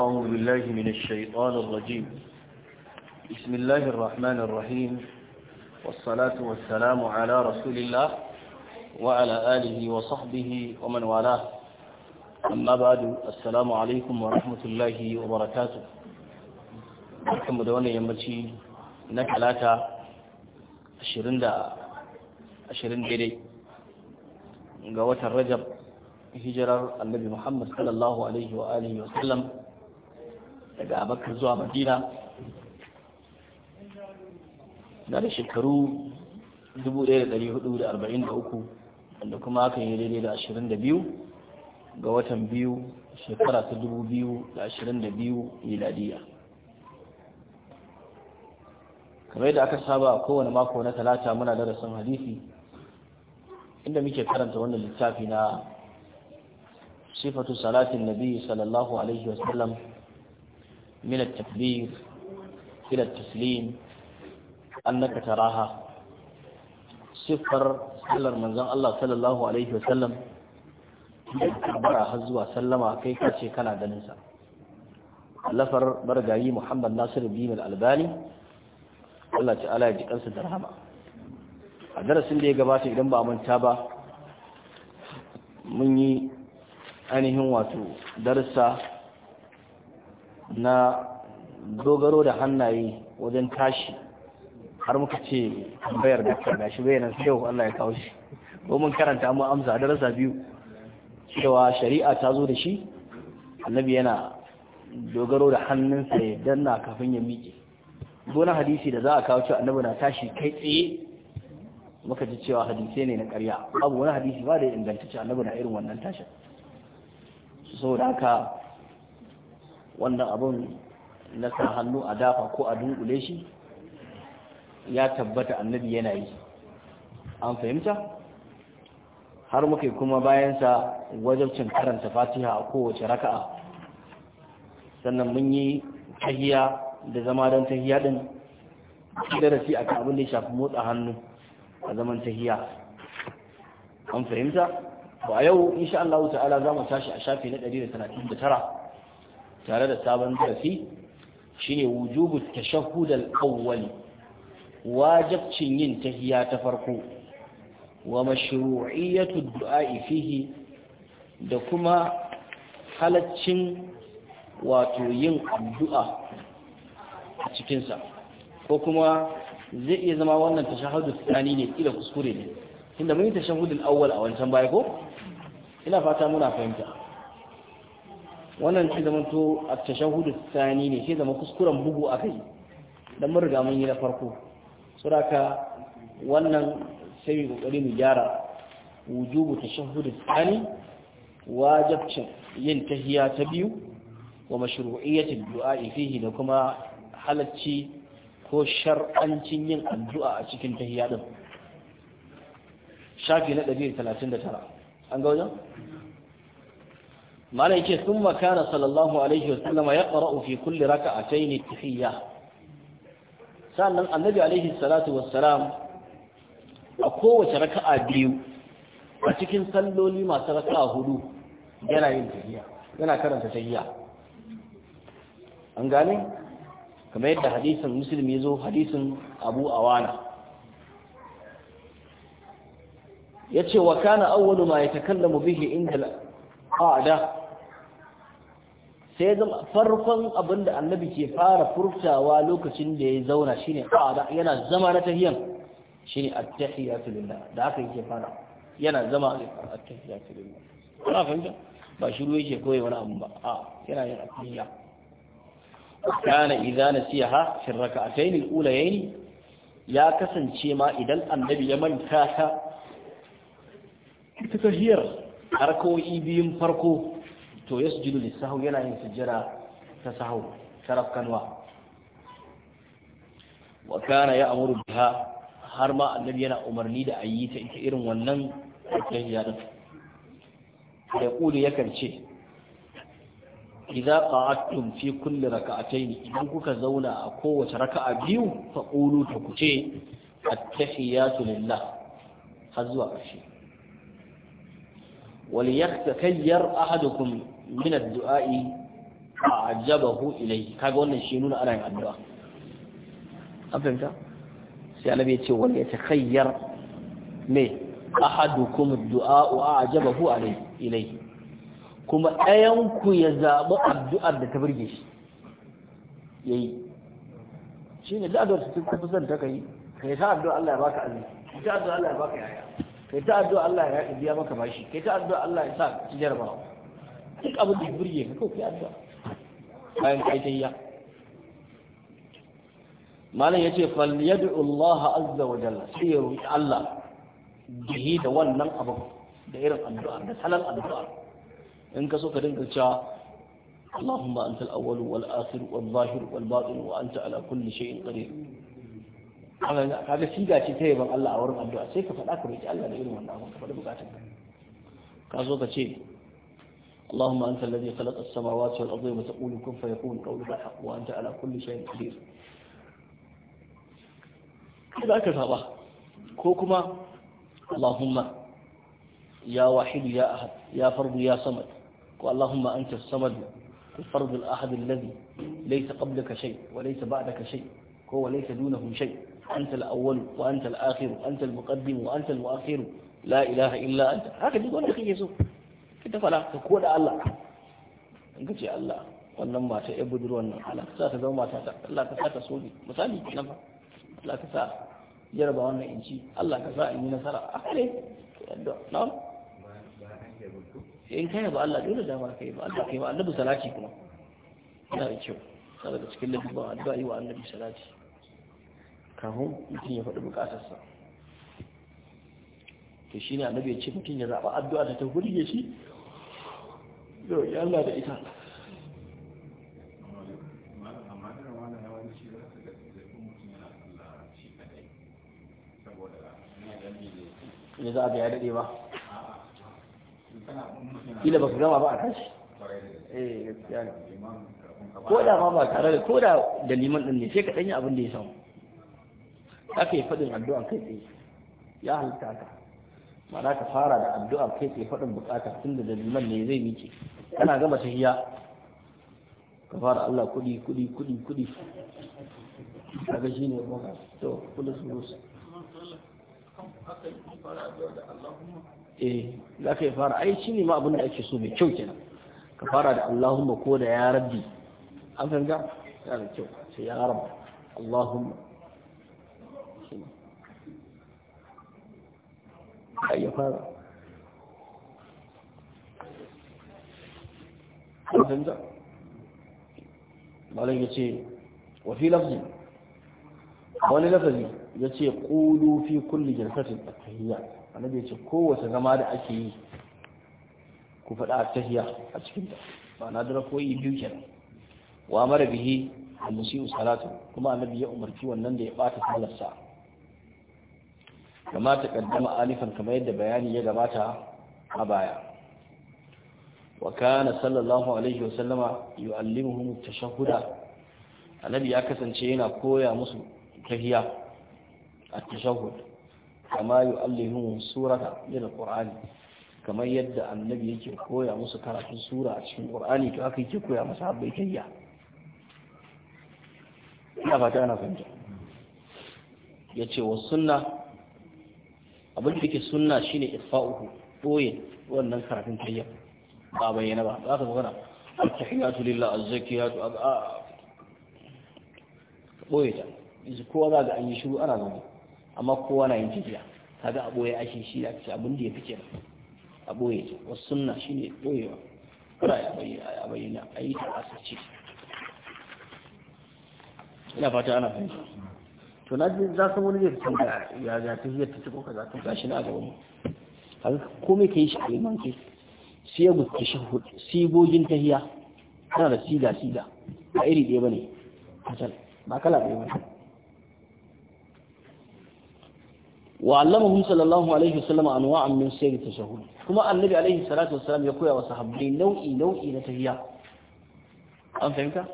أعوذ بالله من الشيطان الرجيم بسم الله الرحمن الرحيم والصلاة والسلام على رسول الله وعلى آله وصحبه ومن والاه أما بعد السلام عليكم ورحمة الله وبركاته الحمد لله يمتي نكالاتا ashirin da ashirin daidai ga watan rajab hijirar annabi muhammad sallallahu alaihi wa alihi wa sallam daga abakar zuwa madina na da shekaru 1443 wanda kuma aka yi daidai da 22 ga watan biyu shekara ta 2022 miladiya kamar yadda aka saba a kowane mako na talata muna darasin hadisi inda muke karanta wannan littafi na sifatu salatin nabi sallallahu alaihi wasallam من التكبير إلى التسليم أنك تراها صفر sallar manzon Allah sallallahu alaihi wasallam bara har zuwa sallama kai kace kana ganin sa lafar bargayi Muhammad Nasiru bin albani Allah ta'ala ya ji kansa da rahama a darasin da ya gabata idan ba manta ba mun yi ainihin wato darsa na dogaro da hannaye wajen tashi har muka ce bayar da karga shi bayanan sai yau Allah ya kawo shi ko mun karanta mu amsa darasa biyu cewa shari'a ta zo da shi annabi yana dogaro da hannunsa ya danna kafin ya miƙe gona hadisi da za a kawo cewa annabi na tashi kai tsaye muka ji cewa hadisai ne na ƙarya abu wani hadisi ba da ingantacce annabi na irin wannan tashin saboda haka wannan abin na sa hannu a dafa ko a dunkule shi ya tabbata annabi yana yi an fahimta har muke kuma bayansa wajabcin karanta fatiha a kowace raka'a sannan mun yi tahiya da zama don tahiya din darasi a kan abin da ya shafi motsa hannu a zaman tahiya an fahimta ba a yau insha Allah ta'ala za mu tashi a shafi na 139 tare da sabon darasi shine wujubu tashahhud al-awwal wajibcin yin tahiyya ta farko wa mashru'iyyatu du'a'i fihi da kuma halaccin wato yin addu'a a cikin sa ko kuma zai iya zama wannan tashahudu tsani ne kila kuskure ne tunda mun yi tashahudul awwal a wancan baya ko ina fata muna fahimta wannan shi zama to a tashahudu sani ne shi zama kuskuren bugu a kai don mun mun yi na farko suraka wannan sai kokari mu gyara wujubu tashahudu sani wajabcin yin tahiya ta biyu wa mashru'iyyatul du'a fihi da kuma halacci ko shar'ancin yin addu'a a cikin tahiya din shafi na 139 an ga wajen mana ce sun makana sallallahu alaihi wa sallama ya ƙara'u fi kulli raka a ta yi tafiya sannan annabi alaihi salatu wa Salam a kowace raka'a biyu a cikin salloli masu raka'a hudu yana yin tafiya yana karanta tafiya an gane kamar yadda hadisin musulmi ya zo hadisin abu awana ya ce wa kana awwalu ma ya takallamu bihi inda al'ada sai zama farkon abin da annabi ke fara furtawa lokacin da ya zauna shine qada ah, yana zama na tahiyan ne at-tahiyatu lillah da haka yake fara yana zama at-tahiyatu lillah kana fahimta ba shi shiru yake koyi wani abu ba a ah, yana yin at-tahiyya kana idza nasiha fi rak'atayn al-ulayayn ya kasance ma idan annabi ya manta ta tahiyar harkoki biyun farko to yasjudu sahu yana yin sujjada ta sahu sharaf kanwa wa kana ya'muru biha har ma annabi yana umarni da ayi ta ita irin wannan tahiyya din ya kulu yakan ce idza qa'adtum fi kulli rak'atayn idan kuka zauna a kowace raka'a biyu fa qulu ta kuce at-tahiyatu lillah har zuwa ƙarshe wal yaktakayyar ahadukum min addu'a'i a'jabahu ilayhi kaga wannan shi nuna ana yin addu'a an fahimta sai annabi ya ce wal yatakhayyar me ahadukum addu'a'u a'jabahu ilayhi kuma ɗayan ku ya zaɓi addu'ar da ta burge shi yayi shi ne da'adar su ta fi son ta kai kai ta addu'a Allah ya baka azumi kai ta addu'a Allah ya baka yaya kai ta addu'a Allah ya biya maka bashi kai ta addu'a Allah ya sa ki jarabawa duk abin da burge ka kawai addu'a bayan kai tayya malam ce fal yad'u Allah azza wa jalla sai ya roki Allah bihi da wannan abin da irin addu'a da salal addu'a in ka so ka dinga cewa اللهم أنت الأول والآخر والظاهر والباطن وأنت على كل شيء قدير kaga siga ce ta yaban Allah a wurin addu'a sai ka faɗa ka roki Allah da irin wannan abin ka faɗi bukatun ka ka zo ka ce اللهم أنت الذي خلق السماوات والأرض وتقول كن فيكون قولك الحق وأنت على كل شيء قدير إذا كثر كوكما اللهم يا واحد يا أحد يا فرد يا صمد اللهم أنت الصمد الفرد الأحد الذي ليس قبلك شيء وليس بعدك شيء هو ليس دونه شيء أنت الأول وأنت الآخر وأنت المقدم وأنت المؤخر لا إله إلا أنت هكذا يقول أخي يسوع ki ta fada ka koda Allah in ka ce Allah wannan mata ya budurwa nan Allah ka sa ta zama mata ta Allah ka sa ta soji misali na ba Allah ka sa jaraba wannan in ci Allah ka sa in yi nasara a kare Na na'am in kai ba Allah dole da ba kai ba Allah kai ba annabi salati kuma yana da kyau sai daga cikin lafiya addu'a yi wa annabi salati kafin mutum ya faɗi bukatarsa to shi ne annabi ya ce mutum ya zaɓa addu'a da ta hurge shi yau Allah da ita ne za a biya ya daɗe ba kila ba su gama ba a tashi eh gaskiya ne ko da ma ba tare da ko da da liman ɗin ne sai ka ɗanyi abin da ya samu aka yi faɗin addu'a kai tsaye ya halitta ka ma'ana ka fara da addu'a kai ke faɗin bukata tun da daliman ne zai miƙe kana gama tahiya ka fara Allah kudi kudi kudi kudi kaga shine boka to kudi sulus eh za ka yi fara ai shine ma abin da ake so mai kyau kenan ka fara da Allahumma ko da ya rabbi an fahimta yana da kyau sai ya rabbi Allahumma a fara ƙasanta malin ya ce wafi lafzi wani lafzi ya ce ƙulu fi kulli jirfatin a tahiyya annabi ya ce kowace zama da ake yi ku faɗa a tahiyya a cikinta ba na dara koyi biyu wa mara bihi a musu salatu kuma annabi ya umarci wannan da ya bata salarsa kama ta kaddama alifan kamar yadda bayani ya gabata a baya wa kana sallallahu alaihi wa sallama yu'allimuhum tashahhuda annabi ya kasance yana koya musu tahiyya at-tashahhud kama yu'allimuhum surata min al quran kamar yadda annabi yake koya musu karatun sura a cikin qur'ani to haka yake koya masa habbai tahiyya ina fata ana fahimta yace wa sunna abin da yake sunna shine ifa'uhu toye wannan karatun tayya ba bayyana ba za ka gana at-tahiyatu lillah az-zakiyatu a boye ta yanzu kowa za ga an yi shiru ana zama, amma kowa na yin tafiya kaga a ɓoye ashe shi da ce abin da ya fice a ɓoye ta wasu sunna shine boyewa kada ya bayyana a yi ta asirce ina fata ana fahimta to na ji za su wani zai fitan da ya ga ta hiyar ta ciko kaza to gashi na gaban mu haka komai ka yi shi a limanci sai ya shi shahud sigogin tahiya tana da siga siga ba iri ɗaya bane hasan ba kala ɗaya bane wa allamahu sallallahu alaihi wasallam anwa'an min sayyid tashahhud kuma annabi alaihi salatu wasallam ya koya wa sahabbai nau'i nau'i na tahiya an fahimta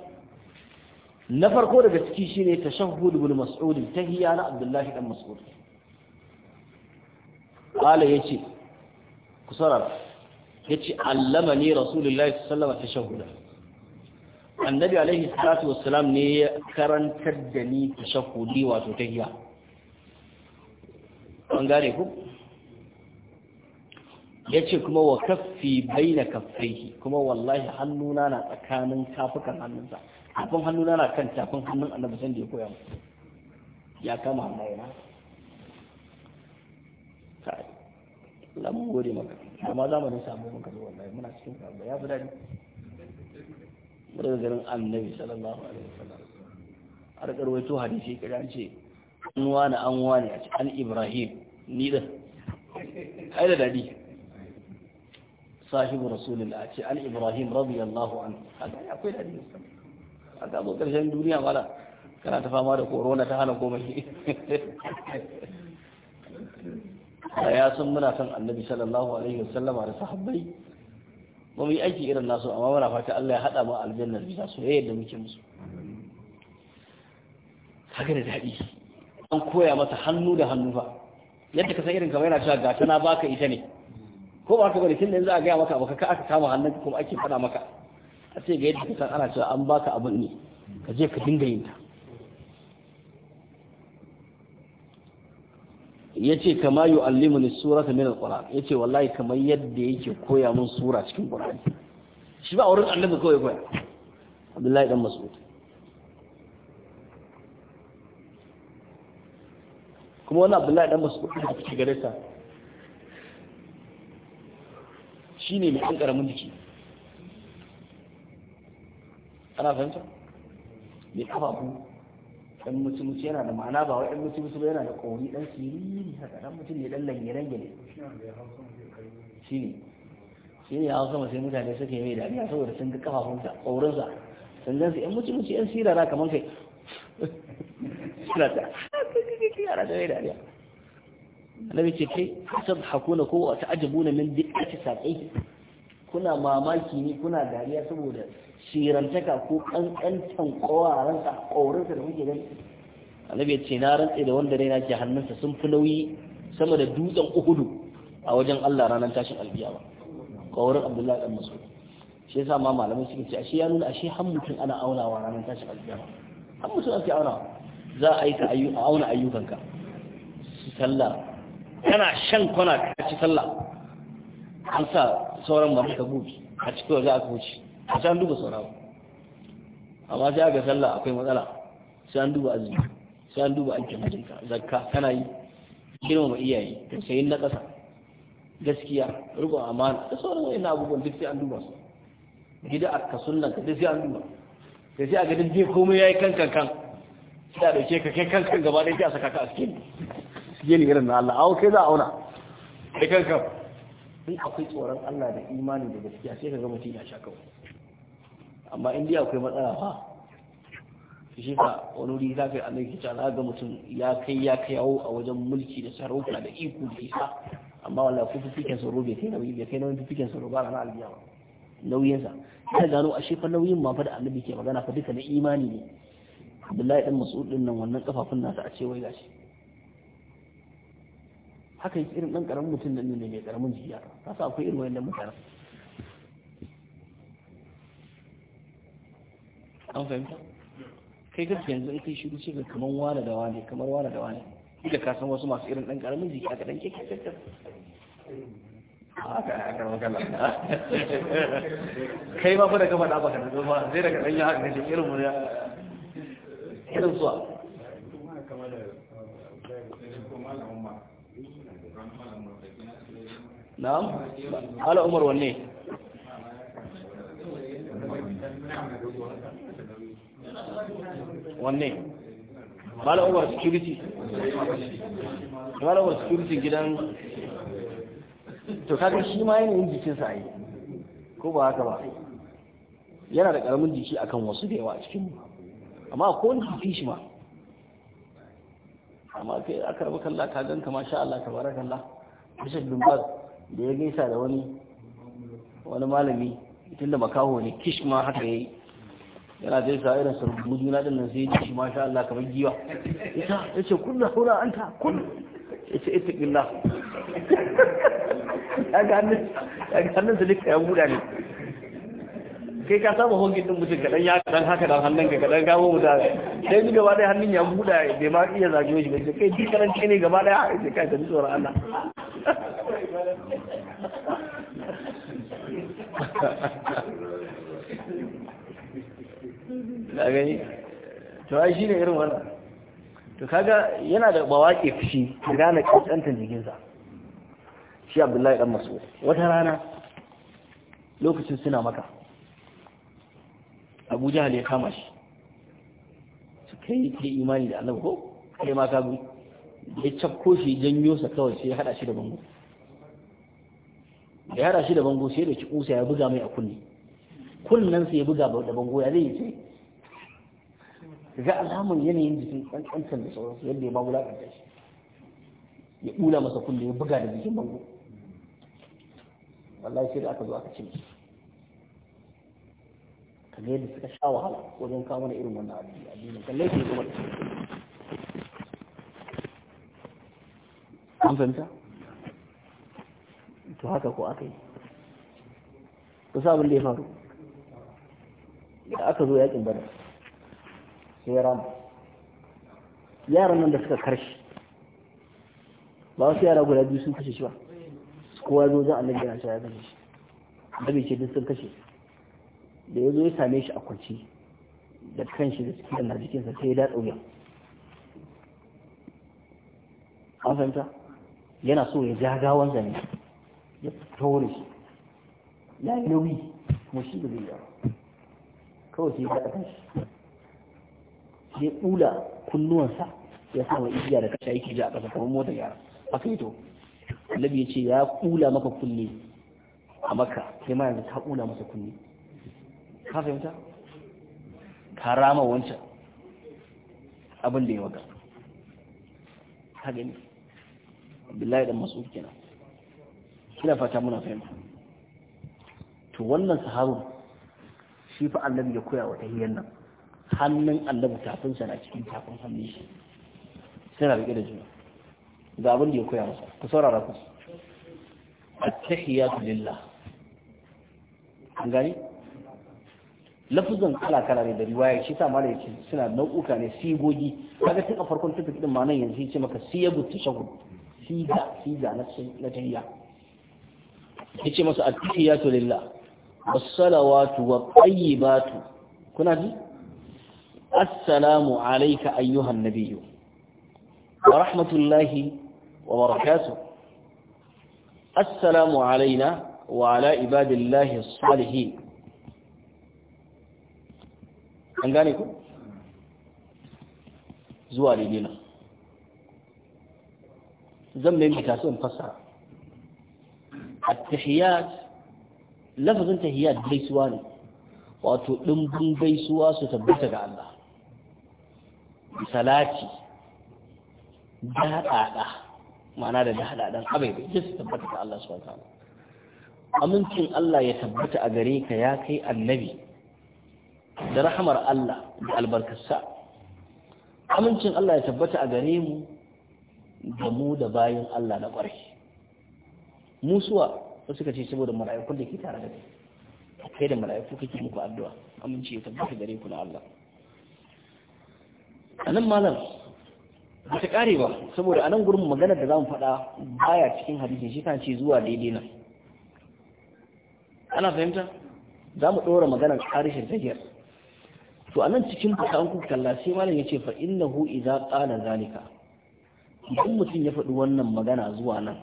na farko daga ciki shine tashahhud ibn mas'ud tahiyya na abdullah dan mas'ud qala yace ku sarar yace allamani rasulullahi sallallahu alaihi wasallam annabi alaihi salatu wassalam ne ya karanta da ni tashahhudi wato tahiyya an gane ku yace kuma wa kaffi baina kaffaihi kuma wallahi hannuna na tsakanin kafukan hannunsa tafin hannu na kan tafin hannun annabi san da ya koya ya kama hannu yana kai Allah gode maka amma zamanin samu mun kazo wallahi muna cikin karba ya fi dadi daga garin annabi sallallahu alaihi wasallam har karwaito hadisi kira an ce an wani an wani a an ibrahim ni da ai da dadi sahibu rasulullah ce an ibrahim radiyallahu anhu haɗari akwai dadi musamman a gabo karshen duniya mana. kana ta fama da korona ta hana komai a ya sun muna son annabi sallallahu alaihi wasallama da sahabbai ba mu yi aiki irin nasu amma muna fata Allah ya haɗa mu aljanna bisa soyayyar da muke musu haka da daɗi an koya masa hannu da hannu fa yadda ka san irin kamar yana cewa gata na baka ita ne ko ba ka bari tun da yanzu a gaya maka ba, ka aka kama hannun kuma ake faɗa maka a ce ga yadda kan ana cewa an baka abin ne ka je ka dinga yin ta Ya ce kama ta surata ƙura. Ya ce wallahi kamar yadda yake koya mun sura cikin qur'ani shi ba wurin annabi kawai koya abdullahi dan mas'ud kuma wani abdullahi dan mas'ud da kike gare ta shine mai an ƙaramin jiki ana fahimta kafa ku ɗan musulunci yana da ma'ana ba wai ɗan su ba yana da ƙori ɗan siriri haka ɗan mutum ne ɗan lange-lange shi ne shi ne hausa masu sai mutane suke mai dariya saboda sun ga kafafunsa ƙorinsa sun gan su ‘yan musulunci ‘yan sirara kamar kai suna ta yara ah, da mai dariya annabi ce kai kasar hakuna ko ta ajabuna min duk ake kuna mamaki ne kuna dariya saboda shirantaka ko kankantan kowaransa kowarinsa da muke gani annabi ya ce na rantse da wanda raina ke hannunsa sun fi nauyi sama da dutsen uhudu a wajen Allah ranar tashin alkiyama kowarin abdullahi dan mas'ud shi yasa ma malamai suke ce ashe ya nuna ashe har mutum ana aunawa ranar tashin alkiyama har mutum ake aunawa za a yi ka auna ayyukanka sallah kana shan kwana ka ci sallah an sa sauran ba muka gubi a cikin waje aka wuce a can duba sauran amma sai aka sallah akwai matsala sai an duba azumi sai an duba aikin hajjinka zakka kana yi girmama iyaye tausayin na ƙasa gaskiya rubu amana da sauran wani abubuwan duk sai an duba su gida a kasun nan ka sai an duba da sai a ga duk komai ya kan kan kan sai a dauke ka kai kan kan gaba ɗaya sai a saka ka a cikin ni irin na Allah a kai za a auna kai kan kan in akwai tsoron Allah da imani da gaskiya sai ka ga mutum ya sha kawai amma in dai akwai matsala fa shi ka wani wuri za ka yi annabi kita za ga mutum ya kai ya kai yawo a wajen mulki da sarauta da iko da isa amma wallahi ko fifikin sauro bai kai nauyi bai kai nauyin fifikin sauro ba ranar ba nauyinsa ta gano a shefa nauyin ma fa da annabi ke magana fa duka na imani ne Abdullahi dan Mas'ud din nan wannan kafafun nasa a ce wai gashi haka yake irin ɗan ƙaramin mutum nan ne mai ƙaramin jiya ka sa akwai irin wayannan mutane an fahimta kai ka yanzu kai shiru ce ga kamar wane da wane kamar wane da wane duka ka san wasu masu irin ɗan ƙaramin jiya ka ɗan keke kai ma fa da gaba da baka da zama zai daga ɗan haka ne irin mu ya irin suwa na'am ala umar wanne wanne mala umar security mala umar security gidan to kaga shi ma yana yin jikinsa a yi ko ba haka ba yana da karamin jiki akan wasu da yawa a cikin mu amma ko ni jiki shi ma amma kai aka rabu kalla ka gan kama sha Allah tabarakallah bishop bin baz da ya gaisa da wani wani malami tunda makaho ne kish ma haka yayi yana gaisa irin sarbu juna din nan sai ya ce masha Allah kamar giwa ita ce kullu hura anta kullu ce ita kaga ya ga hannun su duka ya buda ne kai ka saba hongin din mutum kadan ya kadan haka da hannun ka kadan gawo mutum sai ni gaba daya hannun ya buda bai ma iya zage shi ba kai duk karanci ne gaba daya sai kai ta tsoron Allah da gani to ai shine irin wannan to kaga yana da bawaki fushi ka gane kankantan jikinsa shi abdullahi dan masu wata rana lokacin suna maka abu jahal ya kama shi su kai ke imani da allah ko kai ma ka bi ya cakko shi janyo sa kawai sai ya hada shi da bango ya ya shi da bango sai da ki kusa ya buga mai a kunne kunnan sai ya buga da bango ya zai ce ga alamun yanayin jikin kankancan da sauransu yadda ya bagula kanta shi ya ɓula masa kunni ya buga da jikin bango wallahi sai da aka zo aka cimci, musu yadda suka sha wahala wajen kawo mana irin wannan addini addinin kallai ke kuma an fahimta to haka ko aka yi kusa abin da ya faru da aka zo yakin bada sai ya rama yaran nan da suka karshe ba wasu yara guda biyu sun kashe shi ba kowa zo zan annabi yana cewa ya kashe shi bai ce duk sun kashe da ya zo ya same shi a kwanci da kanshi da cikin na jikinsa sai ya da wuya an fahimta yana so ya ja gawan zane ya fito da shi ya yi nauyi kuma shi da zai yawa kawai sai ya haɗa kan shi ya ɓula kunnuwansa ya sa mai igiya da kasha yake ji a ƙasa kamar mota yara a kai to labi ya ce ya ɓula maka kunne a maka sai ma yanzu ka ɓula masa kunne ka fahimta ka rama wancan abin da ya maka ka gani abdullahi dan masu kenan ina fata muna fahimta to wannan sahabu shi fa annabi ya koya wa tahiyyar nan hannun annabi tafin sa na cikin tafin hannun shi suna rike da juna ga abin da ya koya masa ku saurara ku at-tahiyatu lillah an gani lafuzan kala-kala ne da riwaya shi sa mala suna nau'uka ne sigogi kaga tun a farkon tafi din ma nan yanzu ce maka siyabu tashahhud siga siga na na tahiyya yace masa at-tahiyatu lillah was-salawatu wat-tayyibatu kuna ji assalamu alayka ayyuhan nabiyyu wa rahmatullahi wa barakatuh assalamu alayna wa ala ibadillahi as-salihin an gane ku zuwa daidai nan zan mai mutasu in at-tahiyat lafazin tahiyat gaisuwa ne wato dimbin gaisuwa su tabbata ga Allah salati daɗaɗa ma'ana da daɗaɗan abaibai duk su tabbata ga Allah subhanahu wa ta'ala amincin Allah ya tabbata a gare ka ya kai annabi da rahamar Allah da albarkarsa amincin Allah ya tabbata a gare mu da mu da bayan Allah na ƙwarai musuwa ba suka ce saboda mala'ikun da ke tare da kai kai da mala'iku kake muku addu'a amince ya tabbata gare ku na Allah anan malam ba ta kare ba saboda anan gurin magana da zamu faɗa baya cikin hadisi shi kan ce zuwa daidai nan ana fahimta za mu ɗora maganar harshen tafiyar to anan cikin fasan ku kalla sai malam ya ce fa innahu idza qala zalika idan mutum ya faɗi wannan magana zuwa nan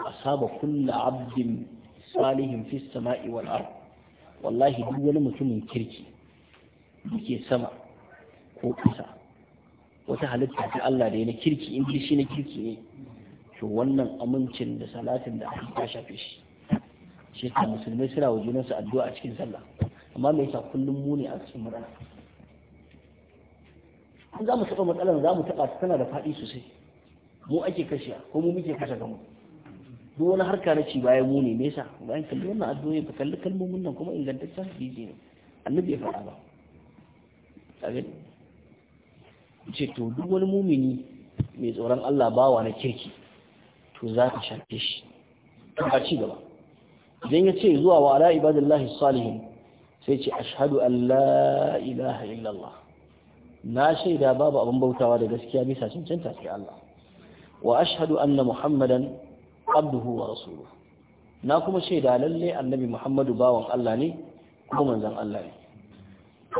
asaba kunna abdin salihin fis sama'i wal ard wallahi duk wani mutumin kirki yake sama ko kasa. wata halitta ta Allah da yana kirki in shi na kirki ne to wannan amincin da salatin da aka shafe shi shi ta musulmai suna wa junansu addu'a a cikin sallah amma me yasa kullum mu ne a cikin murana in za mu taɓa matsalar za mu taɓa tana da faɗi sosai mu ake kashe ko mu muke kashe kanmu duk harka na ci bayan mu ne nesa bayan kalli wannan addu'o'i ba kalli kalmomin nan kuma ingantaccen hadisi ne annabi ya faɗa ba abin ce to duk wani mumini mai tsoron Allah bawa na kirki to za ka shafe shi a ci gaba idan ya ce zuwa wa ala ibadillahi salihin sai ce ashhadu an la ilaha illallah na shaida babu abin bautawa da gaskiya bisa cancanta sai Allah wa ashhadu anna muhammadan abduhu wa rasuluhu na kuma shaida lalle annabi muhammadu bawan Allah ne kuma manzan Allah ne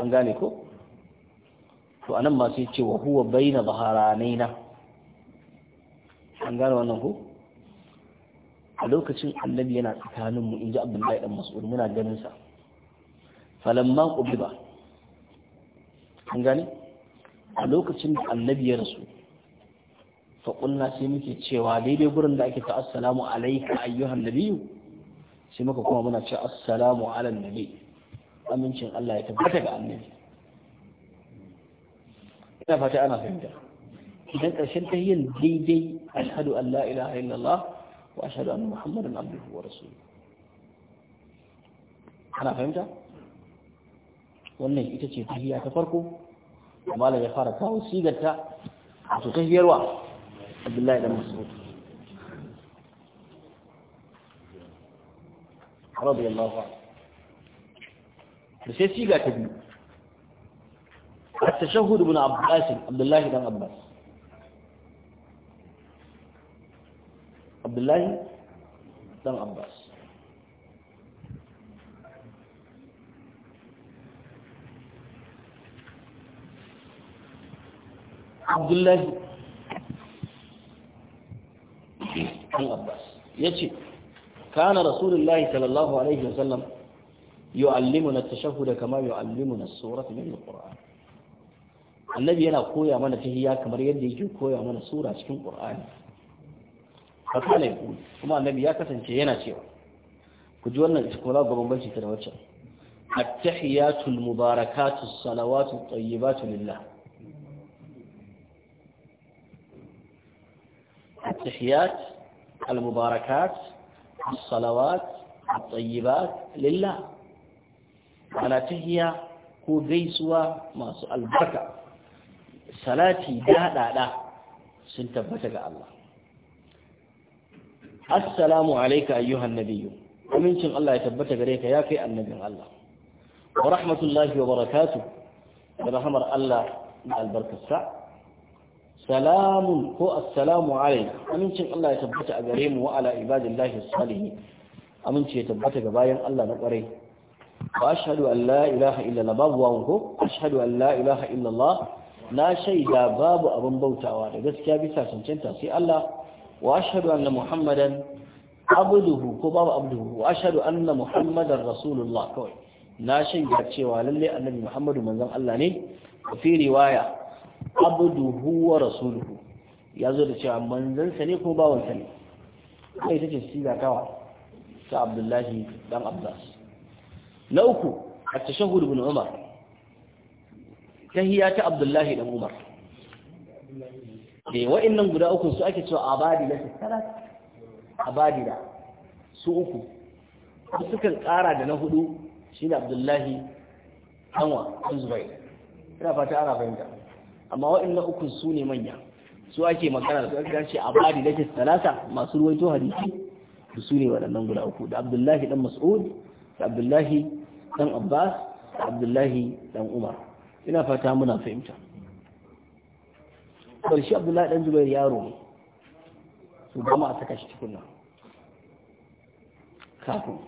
an gane ko to anan ma sai ce wa huwa baina baharanaina an gane wannan ko a lokacin annabi yana tsakanin mu inji abdullahi dan mas'ud muna ganin sa falamma qubiba an gane a lokacin da annabi ya rasu faƙulna sai muke cewa daidai gurin da ake ta assalamu alaika ayyuhan nabiyu sai muka kuma muna ce assalamu ala nabi amincin Allah ya tabbata ga annabi ina fata ana fahimta idan ƙarshen ta yin daidai ashhadu an la ilaha illallah wa ashhadu anna muhammadan abduhu wa rasuluhu ana fahimta wannan ita ce tahiyya ta farko malam ya fara kawo sigarta a su tahiyarwa عبد الله بن مسعود رضي الله عنه بس هي سيغا التشهد ابن عباس عبد الله بن عباس عبد الله بن عباس عبد الله an abbas ya ce kana rasulullahi sallallahu alaihi wasallam yi allimu yu'allimuna at da kama yu'allimuna as-surah min al-qur'an annabi yana koya mana ta tahiyya kamar yadda yake koya mana tsora cikin qur'ani haka ne kuma annabi ya kasance yana cewa ku ji wannan iskola gaban bambanci ta da waccan التحيات المباركات الصلوات الطيبات لله التحيات المباركات الصلوات الطيبات لله على تهيا ko gaisuwa masu albarka salati daɗaɗa sun tabbata ga Allah assalamu alaika ayyuhan nabiyyu amincin Allah ya tabbata gare ka ya kai annabin Allah wa rahmatullahi wa barakatu da rahmar Allah na albarkarsa salamun ko assalamu alaina amincin Allah ya tabbata a gare mu wa ala ibadillahi salihin aminci ya tabbata ga bayan Allah na kwarai wa ashhadu an la ilaha illallah babu wa ko ashhadu an la ilaha illa allah na shaida babu abin bautawa da gaskiya bisa cancanta sai Allah wa ashhadu anna muhammadan abduhu ko babu abduhu wa ashhadu anna muhammadan rasulullah kawai na shaida cewa lalle annabi muhammadu manzon Allah ne fi riwaya abduhu wa rasuluhu ya zo da cewa manzansa ne ko bawansa ne sai take ce siga kawa ta abdullahi dan abbas na uku a tashahud ibn umar tahiyya ta abdullahi dan umar eh wa'annan guda uku su ake cewa abadi su salat da su uku sukan kara da na hudu shi da abdullahi anwa zubair ina fata ana fahimta amma waɗannan uku su ne manya su ake magana da suka shi a bari da ke talata masu ruwaito hadisi da su ne waɗannan guda uku da abdullahi dan mas'ud da abdullahi dan abbas da abdullahi dan umar ina fata muna fahimta ƙarshe abdullahi dan zubair yaro ne su gama a saka shi cikin nan kafin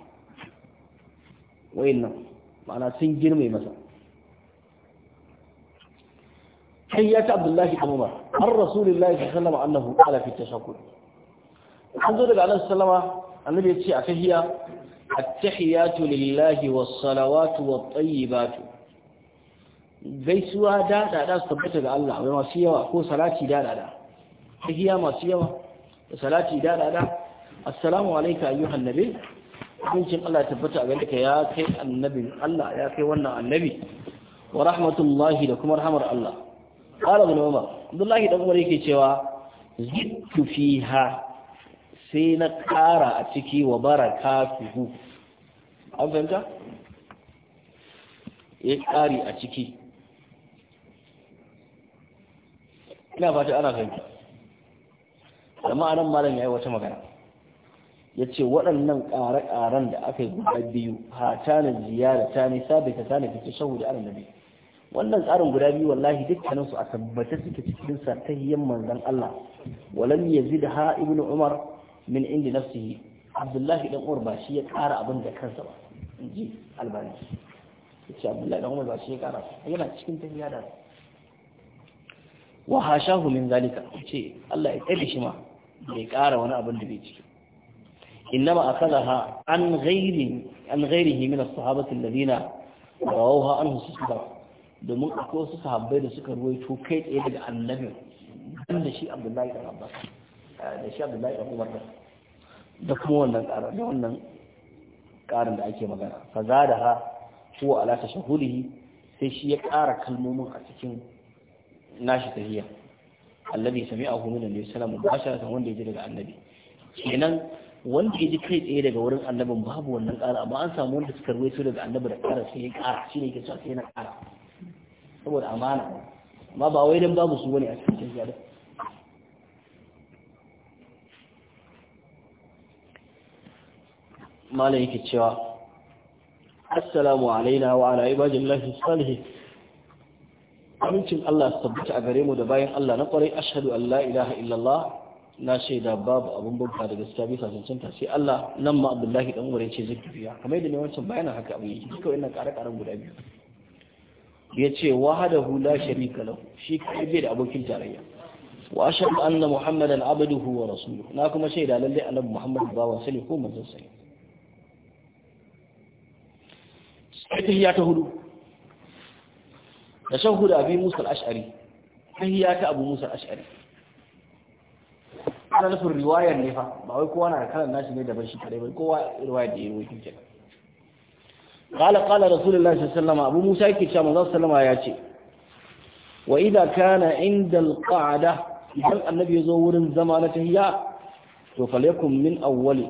wayannan ma'ana sun girme masa kai ya ci abdullahi umar an rasulullahi sallama annahu ala fi tashakkur ya ce a tahiyya at-tahiyatu lillahi was-salawatu wat-tayyibatu gaisuwa da da da su ga Allah wai masu ko salati da da da tahiyya masu yawa da salati da da da assalamu alayka ayyuhan nabi abincin Allah ya tabbata a gare ya kai annabin Allah ya kai wannan annabi wa rahmatullahi da kuma rahmar Allah qala ibn umar abdullahi ɗan umar yake cewa zittu fiha sai na kara a ciki wa barakatuhu an fahimta ya kari a ciki ina fata ana fahimta amma anan malam ya yi wata magana Ya ce waɗannan ƙare-ƙaren da aka yi guda biyu na ziyara ta nisa bai ta ne fice ana nabi wannan tsarin guda biyu wallahi dukkanin su a tabbata suke cikin sa ta hiyyan manzon Allah walam ha, ibnu umar min indi nafsihi abdullahi dan umar ba shi ya kara abin da kansa ba inji albani yace abdullahi dan umar ba shi ya kara yana cikin tafiya da wa hashahu min zalika ce. Allah ya tsare shi ma bai kara wani abin da bai ciki إنما أخذها an غيره عن غيره من الصحابة الذين رووها عنه صلى الله domin akwai su sahabbai da suka ruwaito kai tsaye daga annabi. dan da shi abdullahi da abbas eh, da shi abdullahi da umar da kuma wannan ƙara, da wannan ƙarin da ake magana fa zada da ha shi ala alata shahulihi sai shi ya ƙara kalmomin a cikin nashi tafiya allabi sami a hukumin da ya wasallam bashara wanda ya ji daga annabi kenan wanda ya ji kai tsaye daga wurin annabin babu wannan ƙara amma an samu wanda suka ruwaito daga annabi da ƙara sai ya ƙara shi ne ke sa sai na ƙara saboda amana amma ba wai dan babu su bane a cikin gida malam yake cewa assalamu alaina wa ala ibadillahi salihi amincin Allah tabbata a gare mu da bayan Allah na kwarai ashadu an la ilaha illallah na shaida babu abun bauta da gaskiya bisa cancanta sai Allah nan ma Abdullahi dan wure ce zikriya kamar yadda ne wancan bayanan haka abin yake duka ina ƙara-ƙaran guda biyu ya ce wahadahu la sharika lahu shi kai bai da abokin tarayya wa ashhadu anna muhammadan abduhu wa rasuluhu na kuma shaida lalle annabi muhammad ba wa sani ko manzon sani tahiyya ta hudu da shan hudu abi musa al-ash'ari tahiyya ta abu musa al-ash'ari ana nufin riwayar ne fa ba wai kowa na da kalan nashi ne daban shi kadai ba kowa riwayar da ya yi wakilci qala qala rasulullahi abu musa yake cewa manzo sallama ya ce wa idza kana inda alqa'da idan annabi ya wurin zama na tahiyya to falyakum min awwali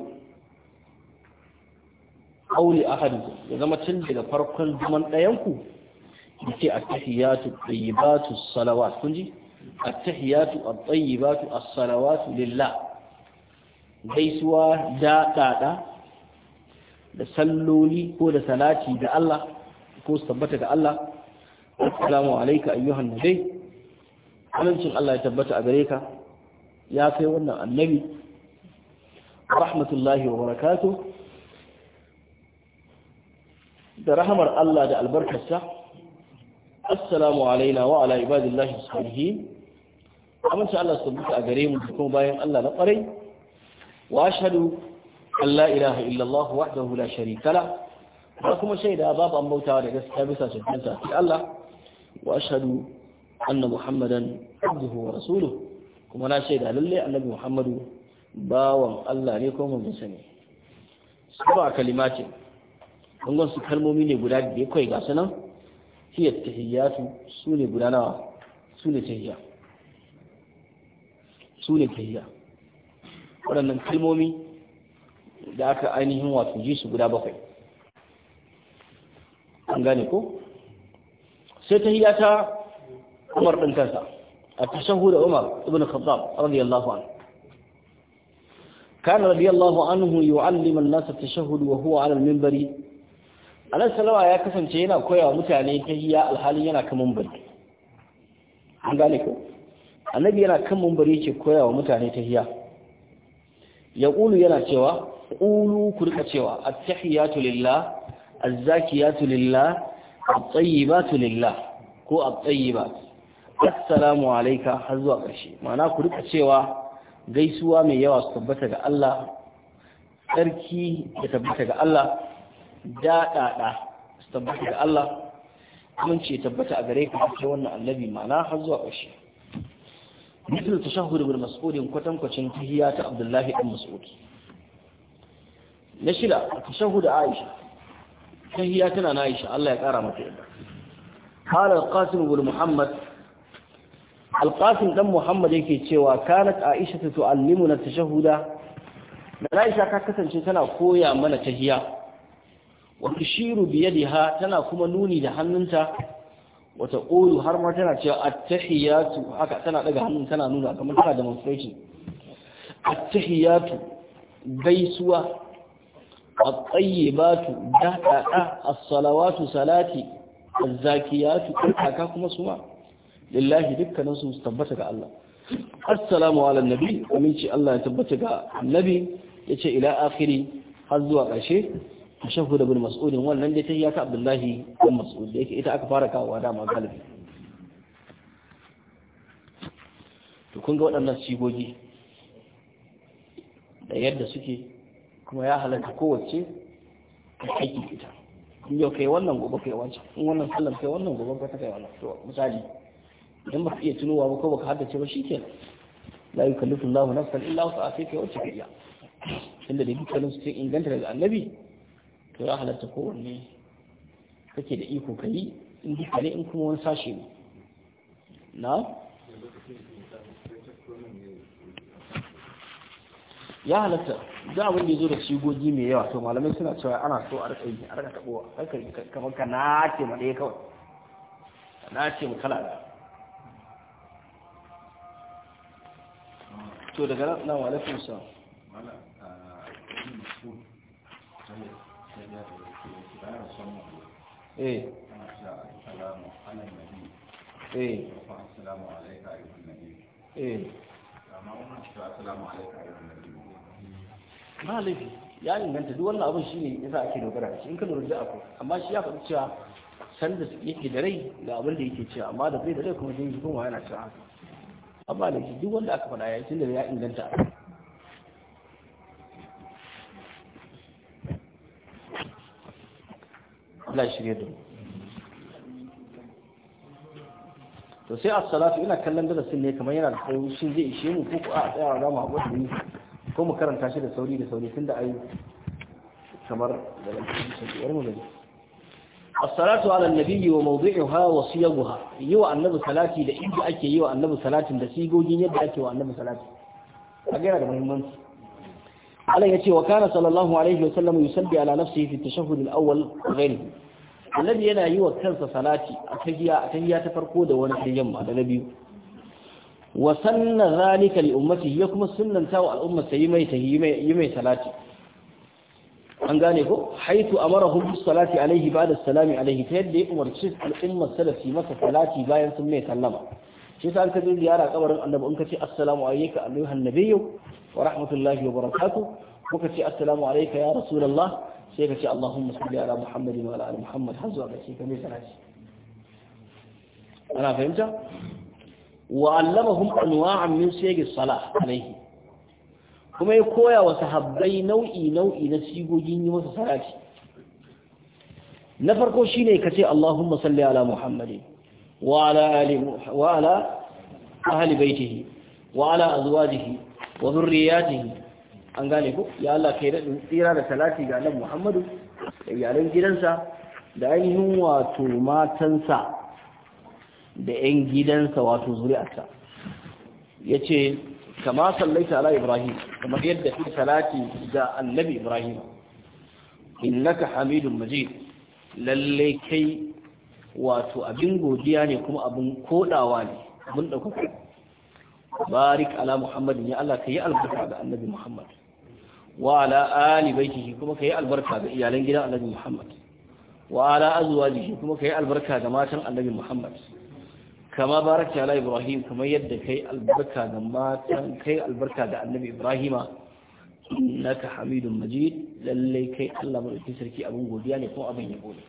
qawli ahadikum ya zama tun daga farkon zaman dayan ku yace at-tahiyatu tayyibatu kun ji at-tahiyatu at-tayyibatu gaisuwa daɗaɗa. da salloli ko da salati da Allah ko su tabbata ga Allah assalamu alayka ayyuhan nabi amincin Allah ya tabbata a gare ka ya kai wannan annabi rahmatullahi wa barakatuh da rahamar Allah da albarkarsa assalamu alaina wa ala ibadillahi salihin amincin Allah su tabbata a gare mu kuma bayan Allah na kwarai wa ashhadu Allah ilaha illallah wahdahu la sharika la ba kuma shaida babu an bautawa da gaskiya bisa cancanta sai Allah wa ashhadu anna muhammadan abduhu wa rasuluhu kuma na shaida lalle annabi muhammadu bawan Allah ne ko mun sani saba kalimace kun su kalmomi ne guda da kai ga sanan ta hiyatu su ne guda nawa su ne ta tahiyya su ne ta tahiyya waɗannan kalmomi da aka ainihin wato ji su guda bakwai an gane ko sai ta hiya ta umar ɗin kansa a tashahu da umar ibn khattab radiyallahu anhu كان رضي الله nasa يعلم الناس التشهد وهو mimbari a nan salama ya kasance yana koyawa mutane ta hiya alhalin yana kan mimbari An gane ko? Annabi yana kan mimbari yake koyawa mutane ta hiya. Ya yana cewa, qulu ku rika cewa at-tahiyatu lillah az-zakiyatu lillah at-tayyibatu lillah ko at-tayyibat assalamu alayka har zuwa ƙarshe ma'ana ku rika cewa gaisuwa mai yawa su tabbata ga Allah tsarki da tabbata ga Allah daɗaɗa su tabbata ga Allah amince tabbata a gare ka ta wannan annabi ma'ana har zuwa ƙarshe مثل تشهد ابن مسعود كتم كتم تهيات عبد الله بن مسعود na shida a tashahuda aisha tahiya tana na aisha Allah ya kara mata yadda قال القاسم Muhammad. محمد القاسم بن Muhammad yake cewa kanat aisha ta tu'allimuna tashahuda da aisha ka kasance tana koya mana tahiya wa tushiru bi yadiha tana kuma nuni da hannunta wa taqulu har ma tana cewa at-tahiyatu haka tana daga hannun tana nuna kamar tana demonstration at-tahiyatu gaisuwa at-tayyibatu da'a as-salawatu salati az-zakiyatu haka kuma suma lillahi dukkanin su tabbata ga Allah assalamu ala nabi aminci Allah ya tabbata ga annabi yace ila akhiri har zuwa ƙarshe tashahhud ibn mas'ud wannan dai tahiya ta abdullahi ibn mas'ud yake ita aka fara kawowa da magalibi to kun ga waɗannan sigogi da yadda suke kuma ya halatta kowace ka aiki ita in yau kai wannan gobe kai wancan in wannan sallar kai wannan gobe ka ta kai wannan to misali idan ka iya tunowa ba ko baka haddace ba shikenan la yukallifu Allahu nafsan illa wus'aha sai kai wacce ka iya tunda da dukkanin su sai inganta daga annabi to ya halatta kowanne kake da iko kai in dukkanin in kuma wani sashe ne na ya halatta da abin da ya zo da shigogi mai yawa to malamai suna cewa ana so a rika yi a rika tabowa harkar kamar ka ce ma ɗaya kawai ka ce mu kala da to daga nan na wa alaikum salam eh eh eh amma wannan cewa assalamu alaikum ba laifi ya inganta duk wannan abin shi shine yasa ake dogara da shi in ka lura da akwai amma shi ya faɗi cewa san da yake da rai ga abin da yake cewa amma da bai da rai kuma jin jikin wa yana cewa haka amma da duk wanda aka faɗa ya tunda da ya inganta Allah shirye da to sai a salatu ina kallon darasin ne kamar yana da kawo shi zai ishe mu ko a tsaya a mu a yi. ko mu karanta shi da sauri da sauri tunda ai kamar da lafiyar mu ne as-salatu ala an-nabi wa mawdi'uha wa siyaguha yi wa annabi salati da inda ake yi wa annabi salatin da sigogin yadda ake wa annabi salati a da muhimmanci Allah ya ce wa kana sallallahu alaihi wa sallam yusalli ala nafsihi fi at-tashahhud al-awwal ghayrihi annabi yana yi wa kansa salati a tahiyya a tahiyya ta farko da wani tahiyyan ma da na biyu wa sanna zalika li ummati ya kuma sunnanta wa ta sai mai tahi mai salati an gane ko haitu amarahum bis salati alaihi ba'da salami alaihi ta yadda ya umarci al'umma salafi masa salati bayan sun mai sallama shi sa an ziyara kabarin annabi in ka ce assalamu alayka ayyuhan nabiyyu wa rahmatullahi wa barakatuh kuka ce assalamu alayka ya rasulullah sai ka ce allahumma salli ala muhammadin wa ala ali muhammad har zuwa ga shi ka mai salati ana fahimta wa allamahum anwa'an min siyagi salah alaihi kuma ya koya wa sahabbai nau'i nau'i na sigogin yi masa salati na farko shine kace Allahumma salli ala Muhammadin wa ala ali wa ala ahli baitihi wa ala azwajihi wa dhurriyyatihi an gane ku ya Allah kai da tsira da salati ga Annabi Muhammadu da iyalan gidansa da ainihin wato matansa da 'yan gidansa wato zuri'arsa ya ce kama sallaita ala ibrahim kamar yadda fi salati ga annabi ibrahim innaka hamidun majid lallai kai wato abin godiya ne kuma abin kodawa ne abin ɗaukaka barik ala muhammadin ya Allah ka yi albarka ga annabi muhammad wa ala ali baitihi kuma ka yi albarka ga iyalan gidan annabi muhammad wa ala azwajihi kuma ka yi albarka ga matan annabi muhammad kama baraka ala ibrahim kamar yadda kai albarka ga matan kai albarka ga annabi ibrahima innaka hamidun majid lalle kai Allah madaukakin sarki abin godiya ne ko abin yabo ne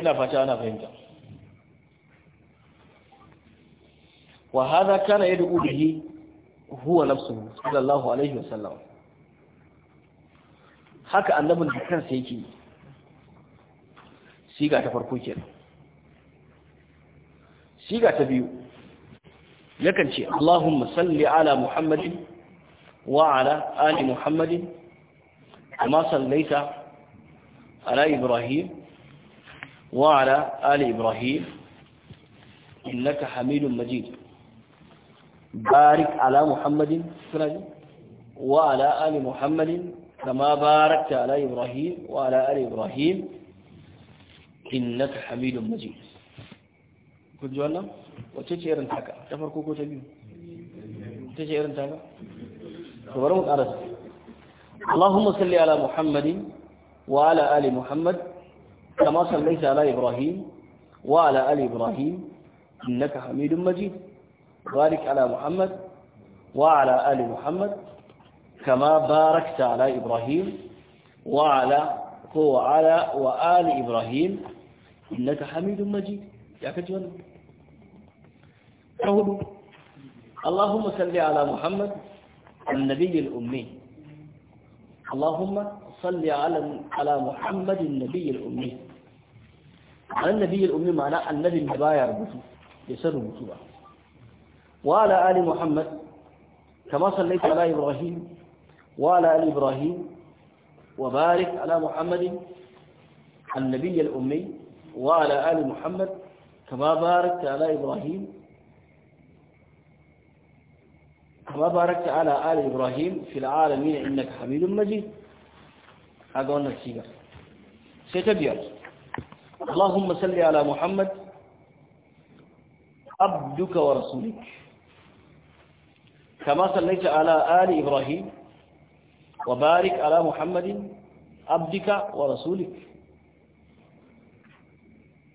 ina fata ana fahimta wa hadha kana yad'u bihi huwa nafsuhu sallallahu alaihi wasallam haka annabin da kansa yake siga ta farko kenan siga ta biyu yakan ce Allahumma salli ala Muhammadin wa ala ali Muhammadin kuma sallaita ala Ibrahim wa ala ali Ibrahim innaka Hamidum Majid barik ala Muhammadin wa ala ali Muhammadin kama barakta ala Ibrahim wa ala ali Ibrahim innaka Hamidum Majid kun ji wannan wacce ce irin taka ta farko ko ta biyu ta ce irin taka to bari mu karasa Allahumma salli ala Muhammadin wa ala ali Muhammad kama sallaita ala Ibrahim wa ala ali Ibrahim innaka Hamidum Majid barik ala Muhammad wa ala ali Muhammad kama barakta ala Ibrahim wa ala ko wa ala wa ali Ibrahim innaka Hamidum Majid ya kaji wannan شهود اللهم صل على محمد النبي الأمي اللهم صل على على محمد النبي الأمي على النبي الأمي معناه النبي اللي بايع يسر ربطه وعلى آل محمد كما صليت على إبراهيم وعلى آل إبراهيم وبارك على محمد النبي الأمي وعلى آل محمد كما باركت على إبراهيم كما باركت على آل إبراهيم في العالمين إنك حميد مجيد هذا هو النسيجة سيتبير اللهم صل على محمد عبدك ورسولك كما صليت على آل إبراهيم وبارك على محمد عبدك ورسولك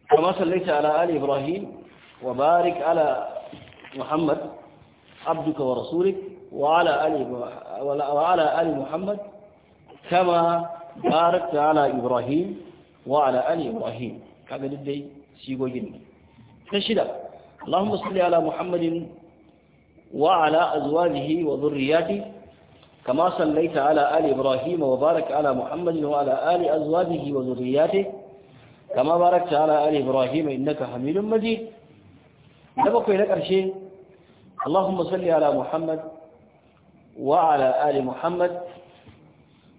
كما صليت على آل إبراهيم وبارك على محمد عبدك ورسولك وعلى آل وعلى آل محمد كما باركت على إبراهيم وعلى آل إبراهيم كذا لدي سيغو جنة تشدى اللهم صل على محمد وعلى أزواجه وذرياته كما صليت على آل إبراهيم وبارك على محمد وعلى آل أزواجه وذرياته كما باركت على آل إبراهيم إنك حميد مجيد نبقى لك أرشيه اللهم صل على محمد وعلى آل محمد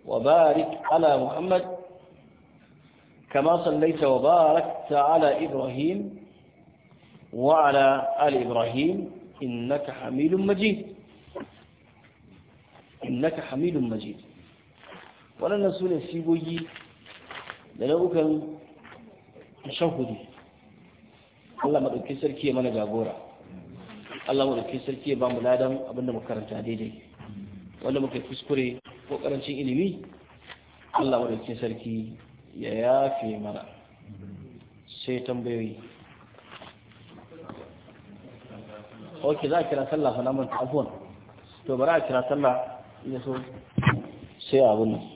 وبارك على محمد كما صليت وباركت على إبراهيم وعلى آل إبراهيم إنك حميد مجيد إنك حميد مجيد ولن نسول السيبوي لنوكا تشهدي Allah maɗauki sarki ya mana jagora Allah mu dauki sarki ya bamu ladan abinda mu karanta daidai wanda muka kuskure ko karancin ilimi Allah mu dauki sarki ya yafe mana sai tambayoyi ok za a kira sallah fa na manta abuwan to bari a kira sallah ya so sai abun nan